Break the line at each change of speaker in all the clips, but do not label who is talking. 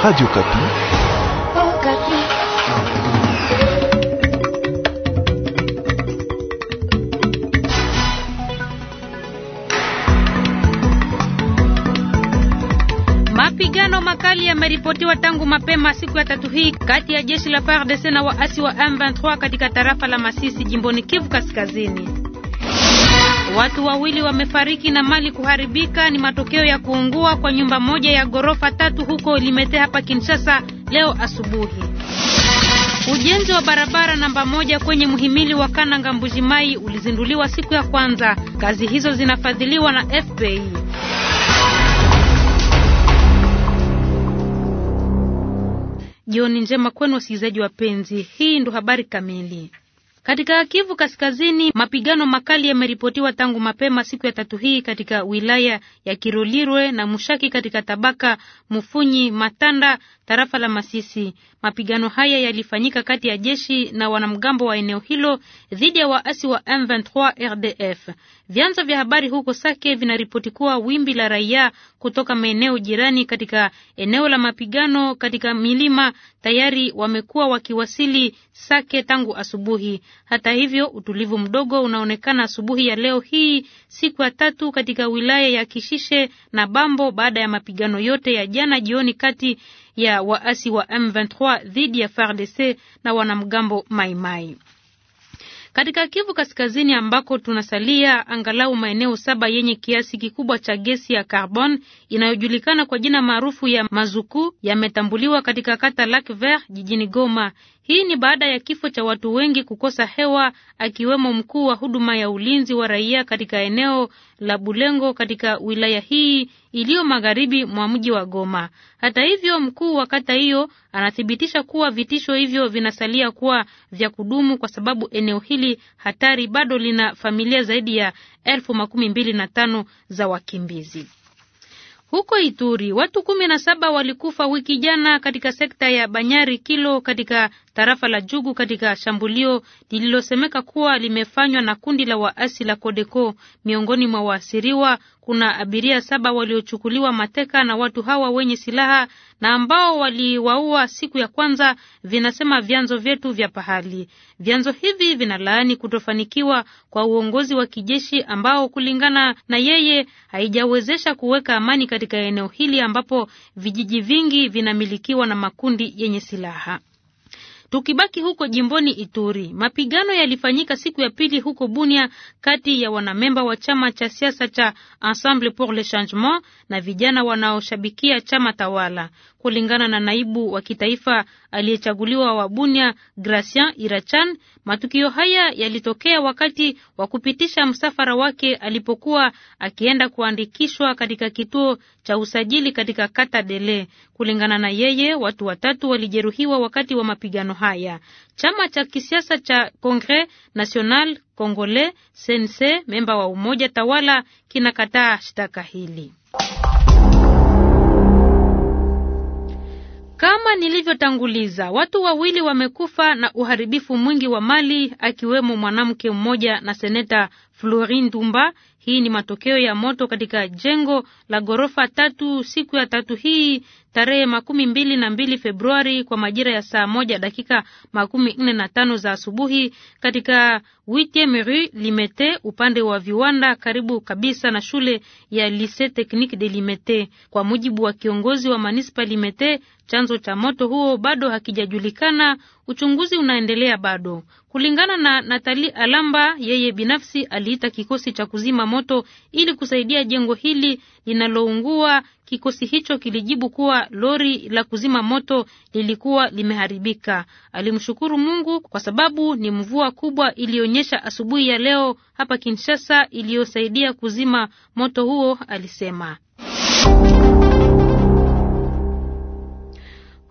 Radio Okapi. Oh,
Mapigano makali yameripotiwa tangu mapema siku ya tatu hii kati ya jeshi la FARDC na waasi wa M23 katika tarafa la Masisi jimboni Kivu Kaskazini. Watu wawili wamefariki na mali kuharibika ni matokeo ya kuungua kwa nyumba moja ya ghorofa tatu huko Limete hapa Kinshasa leo asubuhi. Ujenzi wa barabara namba moja kwenye mhimili wa Kananga Mbujimai ulizinduliwa siku ya kwanza. Kazi hizo zinafadhiliwa na FPI. Jioni njema kwenu wasikilizaji wapenzi. Hii ndo habari kamili. Katika Kivu Kaskazini, mapigano makali yameripotiwa tangu mapema siku ya tatu hii katika wilaya ya Kirolirwe na Mushaki katika tabaka Mufunyi Matanda, tarafa la Masisi. Mapigano haya yalifanyika kati ya jeshi na wanamgambo wa eneo hilo dhidi ya waasi wa M23 RDF. Vyanzo vya habari huko Sake vinaripoti kuwa wimbi la raia kutoka maeneo jirani katika eneo la mapigano katika milima tayari wamekuwa wakiwasili Sake tangu asubuhi. Hata hivyo, utulivu mdogo unaonekana asubuhi ya leo hii, siku ya tatu katika wilaya ya Kishishe na Bambo baada ya mapigano yote ya jana jioni kati ya waasi wa M23 dhidi ya FARDC na wanamgambo Maimai mai. Katika Kivu Kaskazini ambako tunasalia, angalau maeneo saba yenye kiasi kikubwa cha gesi ya carbon inayojulikana kwa jina maarufu ya mazuku yametambuliwa katika kata Lac Vert jijini Goma. Hii ni baada ya kifo cha watu wengi kukosa hewa akiwemo mkuu wa huduma ya ulinzi wa raia katika eneo la Bulengo katika wilaya hii iliyo magharibi mwa mji wa Goma. Hata hivyo, mkuu wa kata hiyo anathibitisha kuwa vitisho hivyo vinasalia kuwa vya kudumu kwa sababu eneo hili hatari bado lina familia zaidi ya elfu makumi mbili na tano za wakimbizi. Huko Ituri watu kumi na saba walikufa wiki jana katika sekta ya Banyari Kilo katika tarafa la Jugu katika shambulio lililosemeka kuwa limefanywa na kundi la waasi la Kodeko. Miongoni mwa waasiriwa kuna abiria saba waliochukuliwa mateka na watu hawa wenye silaha na ambao waliwaua siku ya kwanza, vinasema vyanzo vyetu vya pahali. Vyanzo hivi vinalaani kutofanikiwa kwa uongozi wa kijeshi ambao kulingana na yeye haijawezesha kuweka amani katika eneo hili ambapo vijiji vingi vinamilikiwa na makundi yenye silaha. Tukibaki huko jimboni Ituri, mapigano yalifanyika siku ya pili huko Bunia kati ya wanamemba wa chama cha siasa cha Ensemble pour le Changement na vijana wanaoshabikia chama tawala, kulingana na naibu wa kitaifa aliyechaguliwa wa Bunia, Gracian Irachan. Matukio haya yalitokea wakati wa kupitisha msafara wake alipokuwa akienda kuandikishwa katika kituo cha usajili katika kata Dele. Kulingana na yeye, watu watatu walijeruhiwa wakati wa mapigano haya. Chama cha kisiasa cha Congres National Congolais CNC, memba wa umoja tawala, kinakataa shtaka hili. Kama nilivyotanguliza, watu wawili wamekufa na uharibifu mwingi wa mali, akiwemo mwanamke mmoja na seneta Florin Dumba. Hii ni matokeo ya moto katika jengo la ghorofa tatu siku ya tatu hii tarehe makumi mbili na mbili Februari kwa majira ya saa moja dakika makumi nne na tano za asubuhi katika Huitieme Rue Limete upande wa viwanda karibu kabisa na shule ya Lycée Technique de Limete. Kwa mujibu wa kiongozi wa manispa Limete, chanzo cha moto huo bado hakijajulikana uchunguzi unaendelea bado. Kulingana na Natali Alamba, yeye binafsi aliita kikosi cha kuzima moto ili kusaidia jengo hili linaloungua. Kikosi hicho kilijibu kuwa lori la kuzima moto lilikuwa limeharibika. Alimshukuru Mungu kwa sababu ni mvua kubwa iliyonyesha asubuhi ya leo hapa Kinshasa iliyosaidia kuzima moto huo, alisema.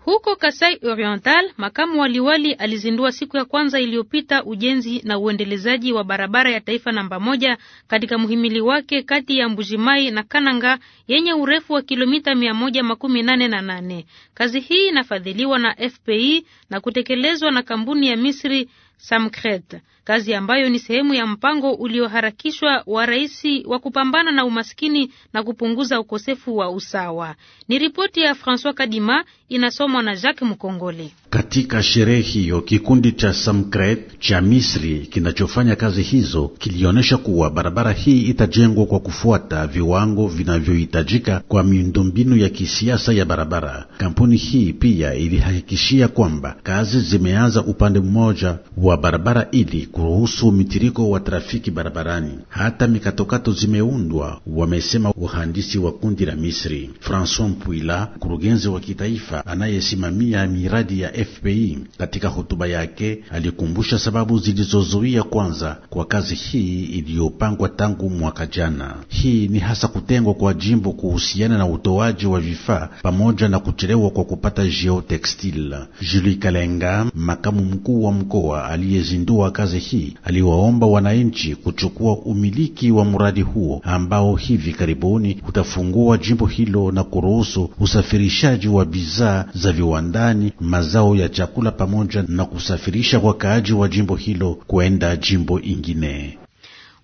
Huko Kasai Oriental, makamu waliwali alizindua siku ya kwanza iliyopita ujenzi na uendelezaji wa barabara ya taifa namba moja katika muhimili wake kati ya Mbujimai na Kananga yenye urefu wa kilomita mia moja makumi nane na nane. Kazi hii inafadhiliwa na FPI na kutekelezwa na kampuni ya Misri Samkret, kazi ambayo ni sehemu ya mpango ulioharakishwa wa rais wa kupambana na umaskini na kupunguza ukosefu wa usawa. Ni ripoti ya Francois Kadima inasoma na Jacques Mukongole.
Katika sherehe hiyo kikundi cha Samkret cha Misri kinachofanya kazi hizo kilionyesha kuwa barabara hii itajengwa kwa kufuata viwango vinavyohitajika kwa miundombinu ya kisiasa ya barabara. Kampuni hii pia ilihakikishia kwamba kazi zimeanza upande mmoja wa barabara ili kuruhusu mitiriko wa trafiki barabarani. Hata mikatokato zimeundwa, wamesema wahandisi wa kundi la Misri. Francois Mpuila, mkurugenzi wa kitaifa anayesimamia miradi ya FPI. Katika hotuba yake alikumbusha sababu zilizozuia kwanza kwa kazi hii iliyopangwa tangu mwaka jana. Hii ni hasa kutengwa kwa jimbo kuhusiana na utoaji wa vifaa pamoja na kuchelewa kwa kupata geotextile. juli Kalenga, makamu mkuu wa mkoa aliyezindua kazi hii, aliwaomba wananchi kuchukua umiliki wa mradi huo ambao hivi karibuni utafungua jimbo hilo na kuruhusu usafirishaji wa bidhaa za viwandani, mazao yao ya chakula pamoja na kusafirisha wakaaji wa jimbo hilo kwenda jimbo ingine.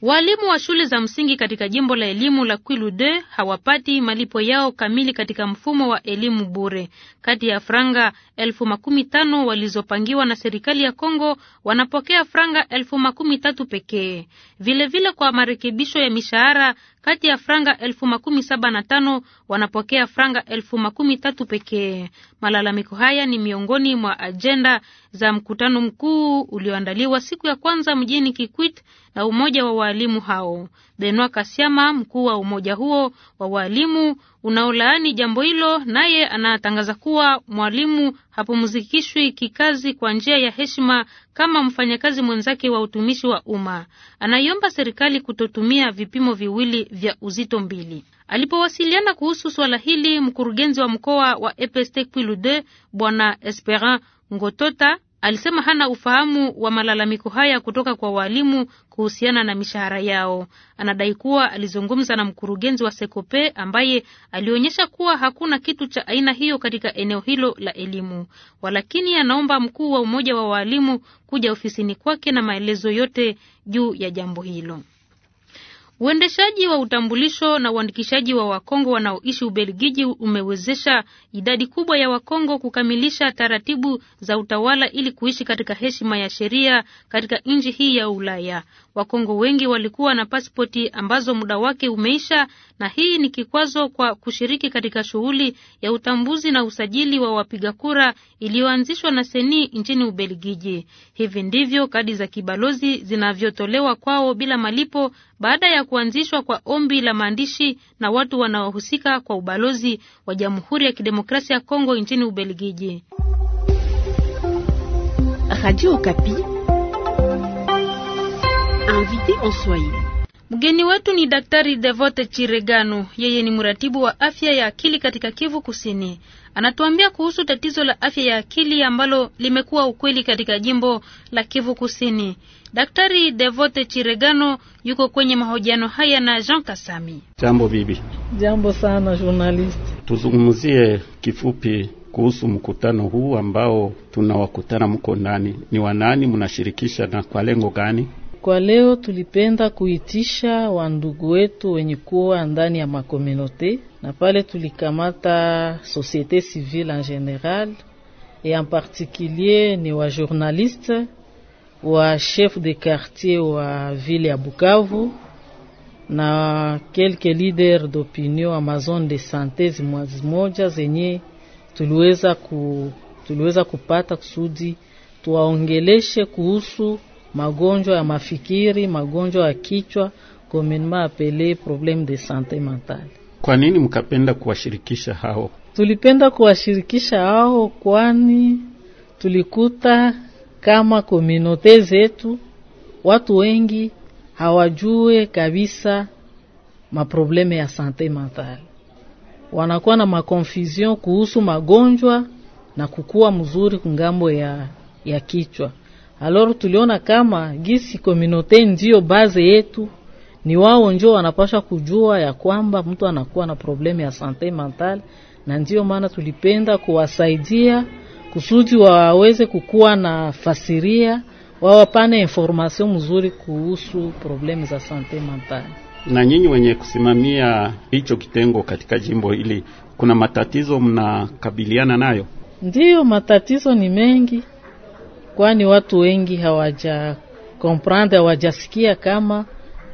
Walimu wa shule za msingi katika jimbo la elimu la Kwilu de hawapati malipo yao kamili katika mfumo wa elimu bure. Kati ya franga elfu makumi tano walizopangiwa na serikali ya Kongo wanapokea franga elfu makumi tatu pekee. Vilevile, kwa marekebisho ya mishahara kati ya franga elfu makumi saba na tano wanapokea franga elfu makumi tatu pekee. Malalamiko haya ni miongoni mwa ajenda za mkutano mkuu ulioandaliwa siku ya kwanza mjini Kikwit na umoja wa waalimu hao. Benoit Kasiama, mkuu wa umoja huo wa walimu unaolaani jambo hilo, naye anatangaza kuwa mwalimu hapumzikishwi kikazi kwa njia ya heshima kama mfanyakazi mwenzake wa utumishi wa umma. Anaiomba serikali kutotumia vipimo viwili vya uzito mbili. Alipowasiliana kuhusu swala hili, mkurugenzi wa mkoa wa EPST Kwilude Bwana Esperan Ngotota alisema hana ufahamu wa malalamiko haya kutoka kwa waalimu kuhusiana na mishahara yao. Anadai kuwa alizungumza na mkurugenzi wa Sekope ambaye alionyesha kuwa hakuna kitu cha aina hiyo katika eneo hilo la elimu, walakini anaomba mkuu wa umoja wa waalimu kuja ofisini kwake na maelezo yote juu ya jambo hilo. Uendeshaji wa utambulisho na uandikishaji wa Wakongo wanaoishi Ubelgiji umewezesha idadi kubwa ya Wakongo kukamilisha taratibu za utawala ili kuishi katika heshima ya sheria katika nchi hii ya Ulaya. Wakongo wengi walikuwa na pasipoti ambazo muda wake umeisha, na hii ni kikwazo kwa kushiriki katika shughuli ya utambuzi na usajili wa wapiga kura iliyoanzishwa na Seni nchini Ubelgiji. Hivi ndivyo kadi za kibalozi zinavyotolewa kwao bila malipo baada ya kuanzishwa kwa ombi la maandishi na watu wanaohusika kwa ubalozi wa Jamhuri ya Kidemokrasia ya Kongo nchini Ubelgiji. Radio Kapi. Invité en Swahili. Mgeni wetu ni Daktari Devote Chiregano. Yeye ni mratibu wa afya ya akili katika Kivu Kusini. Anatuambia kuhusu tatizo la afya ya akili ambalo limekuwa ukweli katika jimbo la Kivu Kusini. Daktari Devote Chiregano yuko kwenye mahojiano haya na Jean Kasami.
Jambo bibi.
Jambo sana journalist.
Tuzungumzie kifupi kuhusu mkutano huu ambao tunawakutana, mko ndani, ni wanani mnashirikisha na kwa lengo gani?
Kwa leo tulipenda kuitisha wandugu wetu wenye kuwa ndani ya makominote na pale tulikamata societe civile en general et en particulier ni wa journaliste wa chef de quartier wa ville ya Bukavu na quelques leaders d'opinion wa mazone de santé zimwazi moja zenye tuliweza, ku, tuliweza kupata kusudi tuwaongeleshe kuhusu magonjwa ya mafikiri, magonjwa ya kichwa, communement apele probleme de sante mentale.
Kwa nini mkapenda kuwashirikisha hao?
Tulipenda kuwashirikisha hao kwani tulikuta kama komunote zetu watu wengi hawajue kabisa maprobleme ya sante mentale, wanakuwa na makonfusion kuhusu magonjwa na kukuwa mzuri kungambo ya, ya kichwa alor tuliona kama gisi kominote ndiyo baze yetu, ni wao njo wanapasha kujua ya kwamba mtu anakuwa na problemu ya sante mental na ndiyo maana tulipenda kuwasaidia kusudi waweze kukuwa na fasiria wawapane informasion mzuri kuhusu problemu za sante mental
Na nyinyi wenye kusimamia hicho kitengo katika jimbo hili, kuna matatizo mnakabiliana nayo?
Ndiyo, matatizo ni mengi kwani watu wengi hawaja comprendre hawajasikia kama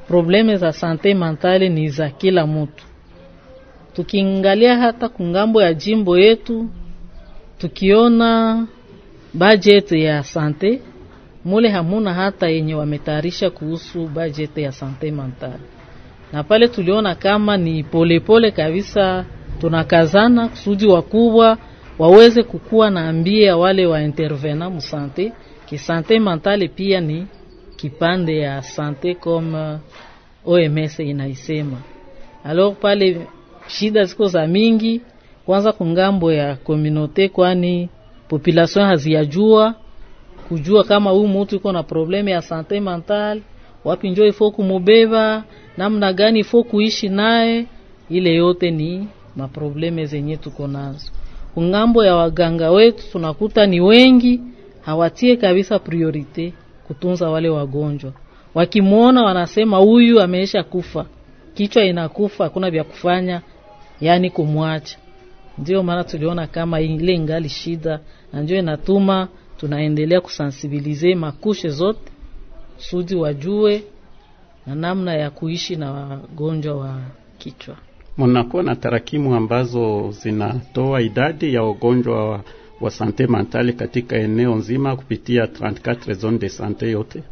probleme za sante mentale ni za kila mutu. Tukiangalia hata kungambo ya jimbo yetu, tukiona budget ya sante mule hamuna hata yenye wametayarisha kuhusu budget ya sante mentale, na pale tuliona kama ni polepole pole kabisa, tunakazana kusudi wakubwa waweze kukuwa na ambia wale wa intervena musante ki sante mentale pia ni kipande ya sante kama eh, OMS inaisema. Alors pale shida ziko za mingi, kwanza kungambo ya komunote, kwani population haziyajua kujua kama huyu mtu yuko na probleme ya sante mentale, wapi njo ifo kumubeba, namna gani ifo kuishi naye. Ile yote ni maprobleme zenye tuko nazo kungambo ya waganga wetu tunakuta ni wengi hawatie kabisa priorite kutunza wale wagonjwa. Wakimwona wanasema huyu ameisha kufa, kichwa inakufa, hakuna vya kufanya, yani kumwacha. Ndio maana tuliona kama ile ngali shida, na ndio inatuma tunaendelea kusansibilize makushe zote sudi wajue na namna ya kuishi na wagonjwa wa kichwa
mnakuwa na tarakimu ambazo zinatoa idadi ya wagonjwa wa, wa sante mentale katika eneo nzima kupitia 34 zone de sante yote.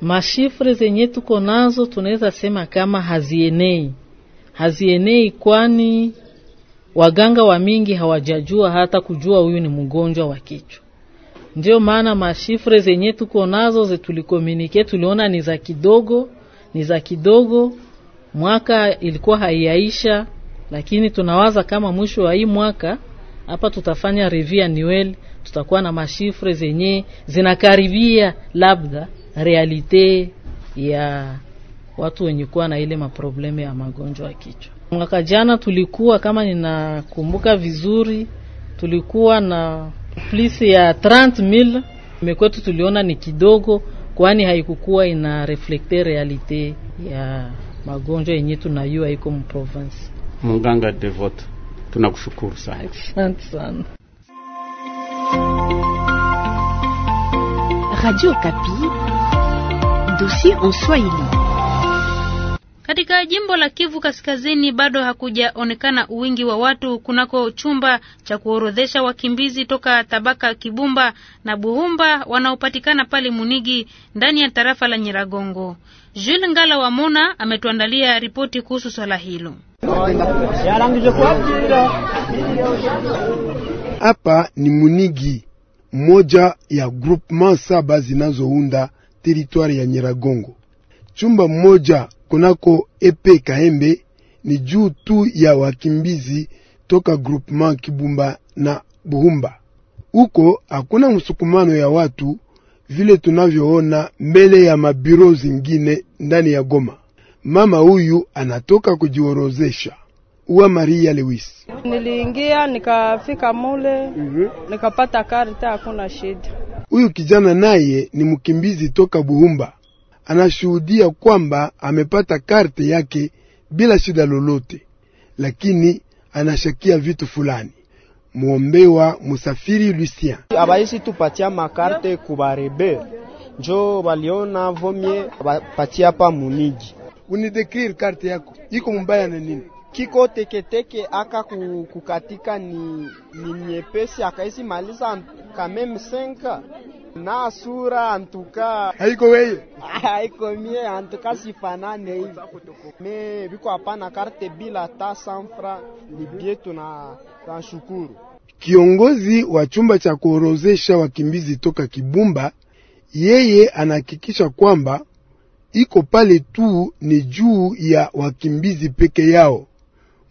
Mashifre zenye tuko nazo tunaweza sema kama hazienei, hazienei kwani waganga wa mingi hawajajua hata kujua huyu ni mgonjwa wa kichwa. Ndio maana mashifre zenye tuko nazo ze tulikomunike tuliona ni za kidogo, ni za kidogo mwaka ilikuwa haiyaisha, lakini tunawaza kama mwisho wa hii mwaka hapa tutafanya review annuel, tutakuwa na mashifre zenye zinakaribia labda realite ya watu wenye kuwa na ile maprobleme ya magonjwa ya kichwa. Mwaka jana tulikuwa kama ninakumbuka vizuri, tulikuwa na plisi ya 30000 mekwetu tuliona ni kidogo, kwani haikukuwa ina reflekte realite ya magonjwa yenye tunayua iko mprovinsi.
Munganga Devote, tunakushukuru sana,
asante sana.
Radio Kapi, dosi en Swahili. Katika jimbo la Kivu Kaskazini bado hakujaonekana wingi wa watu kunako chumba cha kuorodhesha wakimbizi toka tabaka Kibumba na Buhumba wanaopatikana pale Munigi ndani ya tarafa la Nyiragongo. Jules Ngala wa Mona ametuandalia ripoti kuhusu swala hilo.
Hapa ni Munigi, moja ya groupement saba zinazounda teritwari ya Nyiragongo. Chumba moja kunako epe Kaembe ni juu tu ya wakimbizi toka groupement Kibumba na Buhumba. Huko hakuna msukumano ya watu vile tunavyoona mbele ya mabiro zingine ndani ya Goma. Mama huyu anatoka kujiorozesha wa Maria Lewis.
Niliingia nikafika mule mm -hmm. nikapata karta, hakuna shida.
Huyu kijana naye ni mkimbizi toka Buhumba, anashuhudia kwamba amepata karte yake bila shida lolote, lakini anashakia vitu fulani mwombewa Musafiri Lucien abaisi tupatia makarte kubarebe njo baliona vomye bapatia pa muniji. Unidekrire karte yako iko mbaya na nini? Kiko teketeke aka kukatika ni, ni nyepesi akaisi maliza kameme senka na sura antuka haiko weye ah, haiko mie antuka sifanane hivi me biko hapana karte bila ta sanfra libie tuna tanshukuru. Kiongozi wa chumba cha kuorozesha wakimbizi toka Kibumba, yeye anahakikisha kwamba iko pale tu ni juu ya wakimbizi peke yao.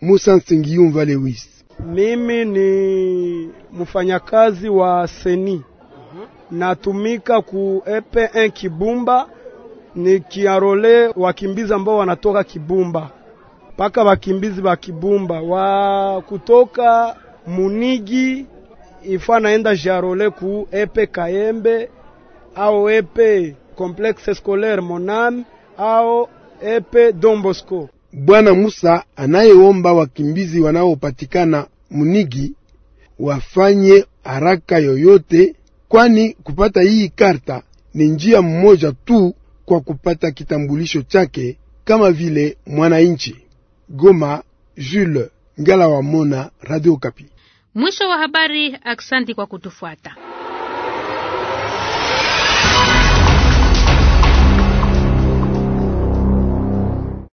Musa Nsengiyumva Lewis: mimi ni mfanyakazi wa seni natumika ku epe Kibumba, ni kiarole wakimbizi ambao wanatoka Kibumba mpaka wakimbizi wa Kibumba wa kutoka Munigi ifa naenda jarole ku epe Kayembe au epe Complexe Scolaire Monam au epe dombosko Bwana Musa anayeomba wakimbizi wanaopatikana Munigi wafanye haraka yoyote kwani kupata hii karta ni njia mmoja tu kwa kupata kitambulisho chake kama vile mwananchi. Goma, Jules Ngala wa Mona, Radio Kapi.
Mwisho wa habari. Aksanti kwa kutufuata.